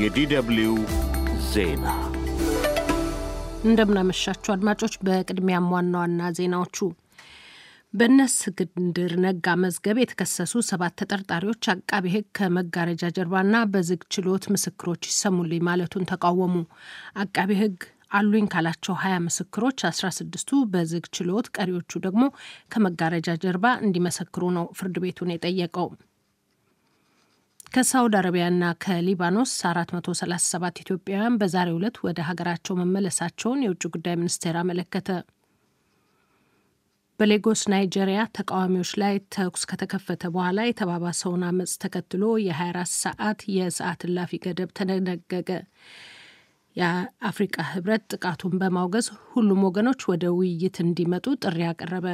የዲደብሊው ዜና እንደምናመሻችሁ አድማጮች፣ በቅድሚያም ዋና ዋና ዜናዎቹ በነስ ግድር ነጋ መዝገብ የተከሰሱ ሰባት ተጠርጣሪዎች አቃቢ ሕግ ከመጋረጃ ጀርባና በዝግ ችሎት ምስክሮች ይሰሙልኝ ማለቱን ተቃወሙ። አቃቢ ሕግ አሉኝ ካላቸው ሀያ ምስክሮች አስራ ስድስቱ በዝግ ችሎት፣ ቀሪዎቹ ደግሞ ከመጋረጃ ጀርባ እንዲመሰክሩ ነው ፍርድ ቤቱን የጠየቀው። ከሳውዲ አረቢያና ከሊባኖስ 437 ኢትዮጵያውያን በዛሬው ዕለት ወደ ሀገራቸው መመለሳቸውን የውጭ ጉዳይ ሚኒስቴር አመለከተ። በሌጎስ ናይጄሪያ ተቃዋሚዎች ላይ ተኩስ ከተከፈተ በኋላ የተባባሰውን አመፅ ተከትሎ የ24 ሰዓት የሰዓት እላፊ ገደብ ተደነገገ። የአፍሪቃ ህብረት ጥቃቱን በማውገዝ ሁሉም ወገኖች ወደ ውይይት እንዲመጡ ጥሪ አቀረበ።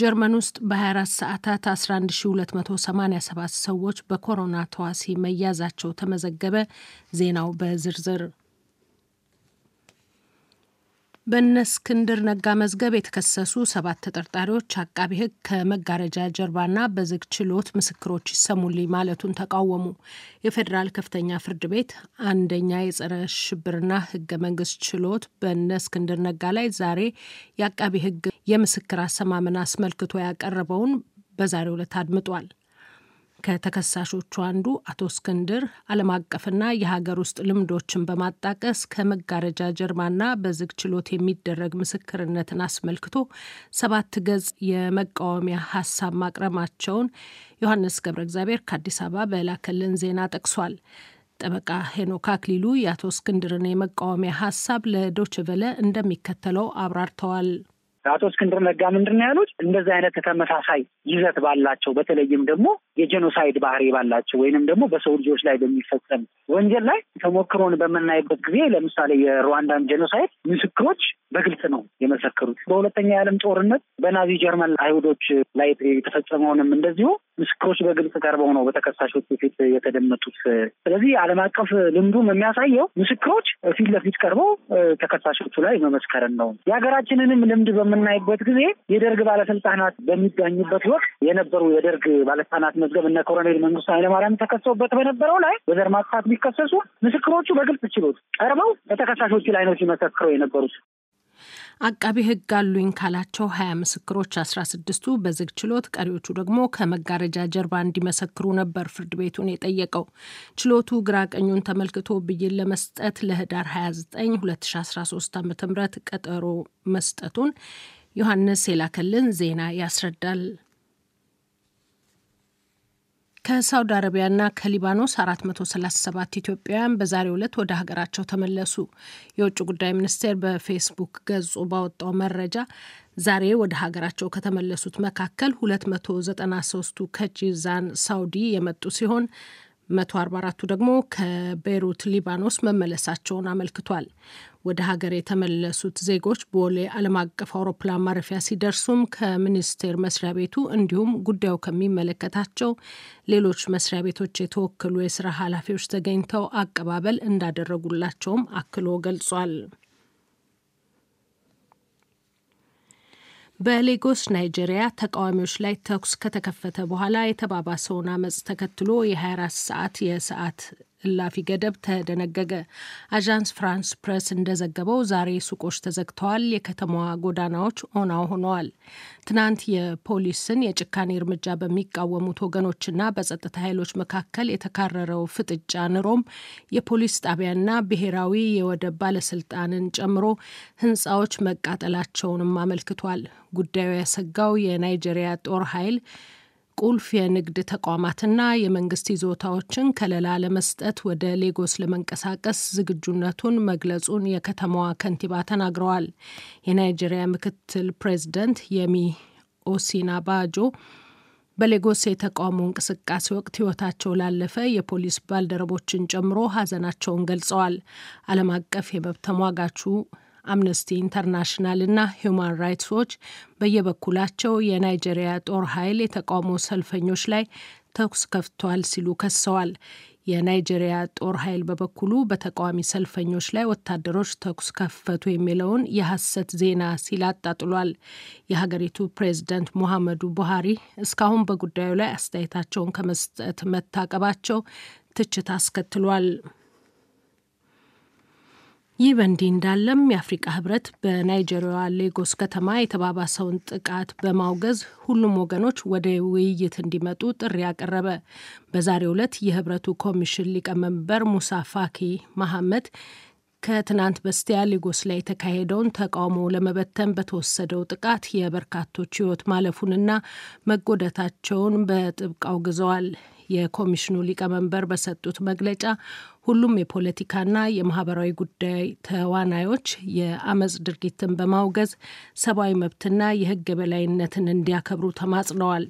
ጀርመን ውስጥ በ24 ሰዓታት 11287 ሰዎች በኮሮና ተዋሲ መያዛቸው ተመዘገበ። ዜናው በዝርዝር በነስክንድር እስክንድር ነጋ መዝገብ የተከሰሱ ሰባት ተጠርጣሪዎች አቃቢ ሕግ ከመጋረጃ ጀርባና በዝግ ችሎት ምስክሮች ይሰሙልኝ ማለቱን ተቃወሙ። የፌዴራል ከፍተኛ ፍርድ ቤት አንደኛ የጸረ ሽብርና ሕገ መንግስት ችሎት በነስክንድር እስክንድር ነጋ ላይ ዛሬ የአቃቢ ሕግ የምስክር አሰማምን አስመልክቶ ያቀረበውን በዛሬው ዕለት አድምጧል። ከተከሳሾቹ አንዱ አቶ እስክንድር ዓለም አቀፍና የሀገር ውስጥ ልምዶችን በማጣቀስ ከመጋረጃ ጀርባና በዝግ ችሎት የሚደረግ ምስክርነትን አስመልክቶ ሰባት ገጽ የመቃወሚያ ሀሳብ ማቅረማቸውን ዮሐንስ ገብረ እግዚአብሔር ከአዲስ አበባ በላከልን ዜና ጠቅሷል። ጠበቃ ሄኖክ አክሊሉ የአቶ እስክንድርን የመቃወሚያ ሀሳብ ለዶችቨለ እንደሚከተለው አብራርተዋል። አቶ እስክንድር ነጋ ምንድን ነው ያሉት? እንደዚህ አይነት ተመሳሳይ ይዘት ባላቸው በተለይም ደግሞ የጄኖሳይድ ባህሪ ባላቸው ወይንም ደግሞ በሰው ልጆች ላይ በሚፈጸም ወንጀል ላይ ተሞክሮን በምናይበት ጊዜ ለምሳሌ የሩዋንዳን ጄኖሳይድ ምስክሮች በግልጽ ነው የመሰከሩት። በሁለተኛ የዓለም ጦርነት በናዚ ጀርመን አይሁዶች ላይ የተፈጸመውንም እንደዚሁ ምስክሮች በግልጽ ቀርበው ነው በተከሳሾች ፊት የተደመጡት። ስለዚህ ዓለም አቀፍ ልምዱም የሚያሳየው ምስክሮች ፊት ለፊት ቀርበው ተከሳሾቹ ላይ መመስከርን ነው። የሀገራችንንም ልምድ በምናይበት ጊዜ የደርግ ባለስልጣናት በሚገኙበት ወቅት የነበሩ የደርግ ባለስልጣናት መዝገብ እነ ኮሎኔል መንግስቱ ኃይለማርያም ተከሰውበት በነበረው ላይ በዘር ማጥፋት ቢከሰሱ ምስክሮቹ በግልጽ ችሎት ቀርበው በተከሳሾቹ ላይ ነው ሲመሰክረው የነበሩት። አቃቢ ሕግ አሉኝ ካላቸው ሀያ ምስክሮች አስራ ስድስቱ በዝግ ችሎት ቀሪዎቹ ደግሞ ከመጋረጃ ጀርባ እንዲመሰክሩ ነበር ፍርድ ቤቱን የጠየቀው። ችሎቱ ግራ ቀኙን ተመልክቶ ብይን ለመስጠት ለህዳር 29 2013 ዓ ም ቀጠሮ መስጠቱን ዮሐንስ የላከልን ዜና ያስረዳል። ከሳውዲ አረቢያና ከሊባኖስ 437 ኢትዮጵያውያን በዛሬው ዕለት ወደ ሀገራቸው ተመለሱ። የውጭ ጉዳይ ሚኒስቴር በፌስቡክ ገጹ ባወጣው መረጃ ዛሬ ወደ ሀገራቸው ከተመለሱት መካከል 293ቱ ከጂዛን ሳውዲ የመጡ ሲሆን መቶ ቱ ደግሞ ከቤይሩት ሊባኖስ መመለሳቸውን አመልክቷል። ወደ ሀገር የተመለሱት ዜጎች ቦሌ ዓለም አቀፍ አውሮፕላን ማረፊያ ሲደርሱም ከሚኒስቴር መስሪያ ቤቱ እንዲሁም ጉዳዩ ከሚመለከታቸው ሌሎች መስሪያ ቤቶች የተወከሉ የስራ ኃላፊዎች ተገኝተው አቀባበል እንዳደረጉላቸውም አክሎ ገልጿል። በሌጎስ ናይጄሪያ ተቃዋሚዎች ላይ ተኩስ ከተከፈተ በኋላ የተባባሰውን አመፅ ተከትሎ የ24 ሰዓት የሰዓት እላፊ ገደብ ተደነገገ። አዣንስ ፍራንስ ፕሬስ እንደዘገበው ዛሬ ሱቆች ተዘግተዋል፣ የከተማዋ ጎዳናዎች ኦናው ሆነዋል። ትናንት የፖሊስን የጭካኔ እርምጃ በሚቃወሙት ወገኖችና በጸጥታ ኃይሎች መካከል የተካረረው ፍጥጫ ንሮም የፖሊስ ጣቢያና ብሔራዊ የወደብ ባለስልጣንን ጨምሮ ህንፃዎች መቃጠላቸውንም አመልክቷል። ጉዳዩ ያሰጋው የናይጄሪያ ጦር ኃይል ቁልፍ የንግድ ተቋማትና የመንግስት ይዞታዎችን ከለላ ለመስጠት ወደ ሌጎስ ለመንቀሳቀስ ዝግጁነቱን መግለጹን የከተማዋ ከንቲባ ተናግረዋል። የናይጄሪያ ምክትል ፕሬዚደንት የሚ ኦሲና ባጆ በሌጎስ የተቃውሞ እንቅስቃሴ ወቅት ሕይወታቸው ላለፈ የፖሊስ ባልደረቦችን ጨምሮ ሀዘናቸውን ገልጸዋል። ዓለም አቀፍ የመብት ተሟጋቹ አምነስቲ ኢንተርናሽናል እና ሂዩማን ራይትስ ዎች በየበኩላቸው የናይጄሪያ ጦር ኃይል የተቃውሞ ሰልፈኞች ላይ ተኩስ ከፍቷል ሲሉ ከሰዋል። የናይጄሪያ ጦር ኃይል በበኩሉ በተቃዋሚ ሰልፈኞች ላይ ወታደሮች ተኩስ ከፈቱ የሚለውን የሐሰት ዜና ሲል አጣጥሏል። የሀገሪቱ ፕሬዚደንት ሙሐመዱ ቡሃሪ እስካሁን በጉዳዩ ላይ አስተያየታቸውን ከመስጠት መታቀባቸው ትችት አስከትሏል። ይህ በእንዲህ እንዳለም የአፍሪቃ ህብረት በናይጀሪያ ሌጎስ ከተማ የተባባሰውን ጥቃት በማውገዝ ሁሉም ወገኖች ወደ ውይይት እንዲመጡ ጥሪ አቀረበ። በዛሬው ዕለት የህብረቱ ኮሚሽን ሊቀመንበር ሙሳ ፋኪ መሐመድ ከትናንት በስቲያ ሌጎስ ላይ የተካሄደውን ተቃውሞ ለመበተን በተወሰደው ጥቃት የበርካቶች ህይወት ማለፉንና መጎዳታቸውን በጥብቅ አውግዘዋል። የኮሚሽኑ ሊቀመንበር በሰጡት መግለጫ ሁሉም የፖለቲካና የማህበራዊ ጉዳይ ተዋናዮች የአመፅ ድርጊትን በማውገዝ ሰብአዊ መብትና የህግ የበላይነትን እንዲያከብሩ ተማጽነዋል።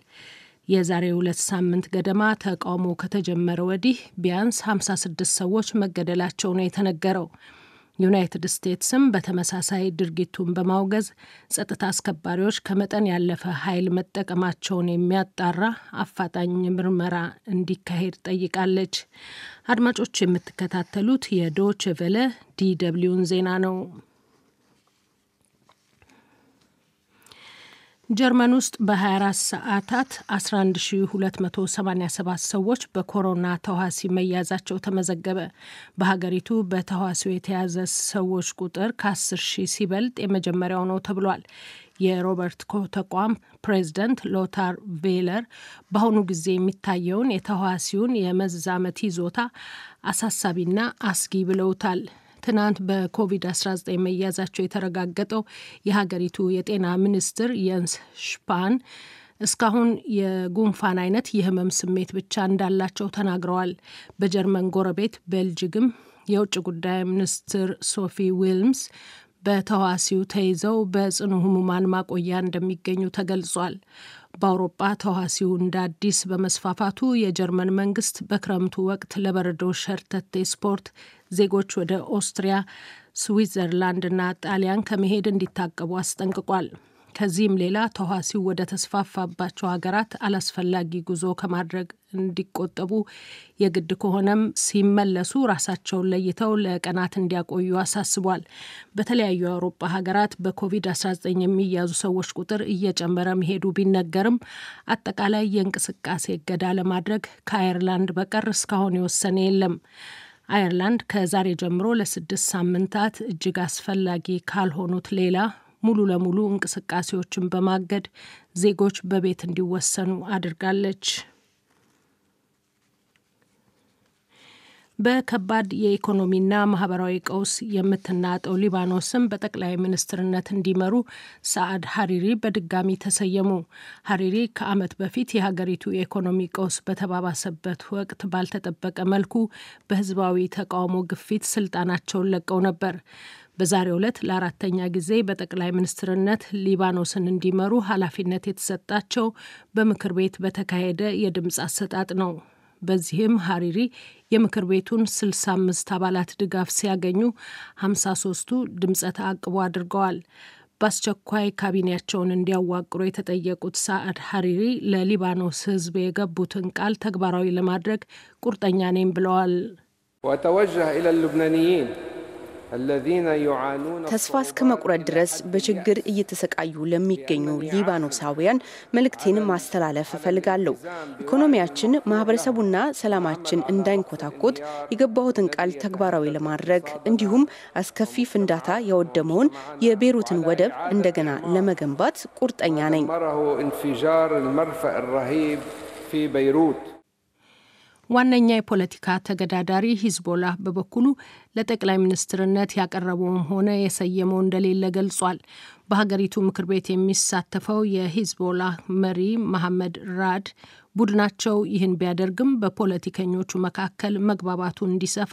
የዛሬ ሁለት ሳምንት ገደማ ተቃውሞ ከተጀመረ ወዲህ ቢያንስ 56 ሰዎች መገደላቸው ነው የተነገረው። ዩናይትድ ስቴትስም በተመሳሳይ ድርጊቱን በማውገዝ ጸጥታ አስከባሪዎች ከመጠን ያለፈ ኃይል መጠቀማቸውን የሚያጣራ አፋጣኝ ምርመራ እንዲካሄድ ጠይቃለች። አድማጮች የምትከታተሉት የዶች ቨለ ዲደብሊውን ዜና ነው። ጀርመን ውስጥ በ24 ሰዓታት 11287 ሰዎች በኮሮና ተዋሲ መያዛቸው ተመዘገበ። በሀገሪቱ በተዋሲው የተያዘ ሰዎች ቁጥር ከ10 ሺ ሲበልጥ የመጀመሪያው ነው ተብሏል። የሮበርት ኮ ተቋም ፕሬዚደንት ሎታር ቬለር በአሁኑ ጊዜ የሚታየውን የተዋሲውን የመዛመት ይዞታ አሳሳቢና አስጊ ብለውታል። ትናንት በኮቪድ-19 መያዛቸው የተረጋገጠው የሀገሪቱ የጤና ሚኒስትር የንስ ሽፓን እስካሁን የጉንፋን አይነት የህመም ስሜት ብቻ እንዳላቸው ተናግረዋል። በጀርመን ጎረቤት ቤልጅግም የውጭ ጉዳይ ሚኒስትር ሶፊ ዊልምስ በተዋሲው ተይዘው በጽኑ ህሙማን ማቆያ እንደሚገኙ ተገልጿል። በአውሮጳ ተዋሲው እንደ አዲስ በመስፋፋቱ የጀርመን መንግስት በክረምቱ ወቅት ለበረዶ ሸርተቴ ስፖርት ዜጎች ወደ ኦስትሪያ፣ ስዊትዘርላንድ እና ጣሊያን ከመሄድ እንዲታቀቡ አስጠንቅቋል። ከዚህም ሌላ ተዋሲው ወደ ተስፋፋባቸው ሀገራት አላስፈላጊ ጉዞ ከማድረግ እንዲቆጠቡ የግድ ከሆነም ሲመለሱ ራሳቸውን ለይተው ለቀናት እንዲያቆዩ አሳስቧል። በተለያዩ የአውሮፓ ሀገራት በኮቪድ-19 የሚያዙ ሰዎች ቁጥር እየጨመረ መሄዱ ቢነገርም አጠቃላይ የእንቅስቃሴ እገዳ ለማድረግ ከአየርላንድ በቀር እስካሁን የወሰነ የለም። አየርላንድ ከዛሬ ጀምሮ ለስድስት ሳምንታት እጅግ አስፈላጊ ካልሆኑት ሌላ ሙሉ ለሙሉ እንቅስቃሴዎችን በማገድ ዜጎች በቤት እንዲወሰኑ አድርጋለች። በከባድ የኢኮኖሚና ማህበራዊ ቀውስ የምትናጠው ሊባኖስን በጠቅላይ ሚኒስትርነት እንዲመሩ ሳዕድ ሀሪሪ በድጋሚ ተሰየሙ። ሀሪሪ ከዓመት በፊት የሀገሪቱ የኢኮኖሚ ቀውስ በተባባሰበት ወቅት ባልተጠበቀ መልኩ በህዝባዊ ተቃውሞ ግፊት ስልጣናቸውን ለቀው ነበር። በዛሬው ዕለት ለአራተኛ ጊዜ በጠቅላይ ሚኒስትርነት ሊባኖስን እንዲመሩ ኃላፊነት የተሰጣቸው በምክር ቤት በተካሄደ የድምፅ አሰጣጥ ነው። በዚህም ሀሪሪ የምክር ቤቱን 65 አባላት ድጋፍ ሲያገኙ 53ቱ ድምፀ ተአቅቦ አድርገዋል። በአስቸኳይ ካቢኔያቸውን እንዲያዋቅሩ የተጠየቁት ሳዕድ ሀሪሪ ለሊባኖስ ሕዝብ የገቡትን ቃል ተግባራዊ ለማድረግ ቁርጠኛ ነኝ ብለዋል። ወተወጀህ ኢለልቡናኒይን ተስፋ እስከ መቁረጥ ድረስ በችግር እየተሰቃዩ ለሚገኙ ሊባኖሳውያን መልእክቴን ማስተላለፍ እፈልጋለሁ። ኢኮኖሚያችን፣ ማህበረሰቡና ሰላማችን እንዳይንኮታኮት የገባሁትን ቃል ተግባራዊ ለማድረግ እንዲሁም አስከፊ ፍንዳታ ያወደመውን የቤሩትን ወደብ እንደገና ለመገንባት ቁርጠኛ ነኝ። ዋነኛ የፖለቲካ ተገዳዳሪ ሂዝቦላህ በበኩሉ ለጠቅላይ ሚኒስትርነት ያቀረበውም ሆነ የሰየመው እንደሌለ ገልጿል። በሀገሪቱ ምክር ቤት የሚሳተፈው የሂዝቦላህ መሪ መሐመድ ራድ ቡድናቸው ይህን ቢያደርግም በፖለቲከኞቹ መካከል መግባባቱ እንዲሰፋ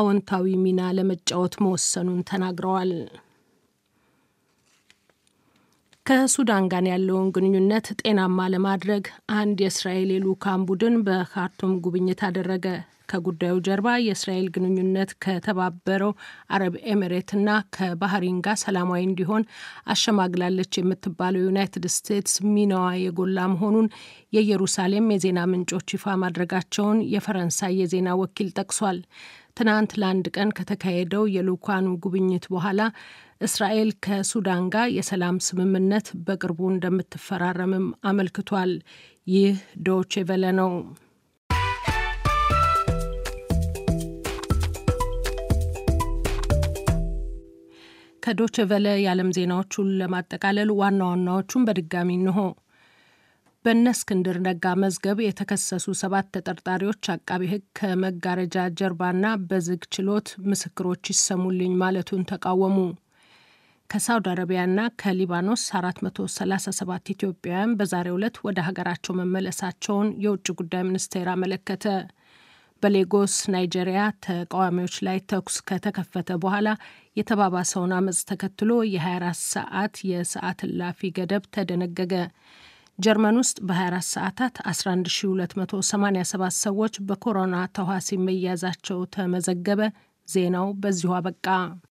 አዎንታዊ ሚና ለመጫወት መወሰኑን ተናግረዋል። ከሱዳን ጋር ያለውን ግንኙነት ጤናማ ለማድረግ አንድ የእስራኤል የልዑካን ቡድን በካርቱም ጉብኝት አደረገ። ከጉዳዩ ጀርባ የእስራኤል ግንኙነት ከተባበረው አረብ ኤሚሬትና ከባህሪን ጋር ሰላማዊ እንዲሆን አሸማግላለች የምትባለው ዩናይትድ ስቴትስ ሚናዋ የጎላ መሆኑን የኢየሩሳሌም የዜና ምንጮች ይፋ ማድረጋቸውን የፈረንሳይ የዜና ወኪል ጠቅሷል። ትናንት ለአንድ ቀን ከተካሄደው የልኡካኑ ጉብኝት በኋላ እስራኤል ከሱዳን ጋር የሰላም ስምምነት በቅርቡ እንደምትፈራረምም አመልክቷል። ይህ ዶቼ ቬለ ነው። ከዶቼ ቬለ የዓለም ዜናዎቹን ለማጠቃለል ዋና ዋናዎቹን በድጋሚ እንሆ በነስክንድር እስክንድር ነጋ መዝገብ የተከሰሱ ሰባት ተጠርጣሪዎች አቃቢ ሕግ ከመጋረጃ ጀርባና በዝግ ችሎት ምስክሮች ይሰሙልኝ ማለቱን ተቃወሙ። ከሳውዲ አረቢያና ከሊባኖስ 437 ኢትዮጵያውያን በዛሬ ዕለት ወደ ሀገራቸው መመለሳቸውን የውጭ ጉዳይ ሚኒስቴር አመለከተ። በሌጎስ ናይጄሪያ ተቃዋሚዎች ላይ ተኩስ ከተከፈተ በኋላ የተባባሰውን አመፅ ተከትሎ የ24 ሰዓት የሰዓት እላፊ ገደብ ተደነገገ። ጀርመን ውስጥ በ24 ሰዓታት 11287 ሰዎች በኮሮና ተዋሲ መያዛቸው ተመዘገበ። ዜናው በዚሁ አበቃ።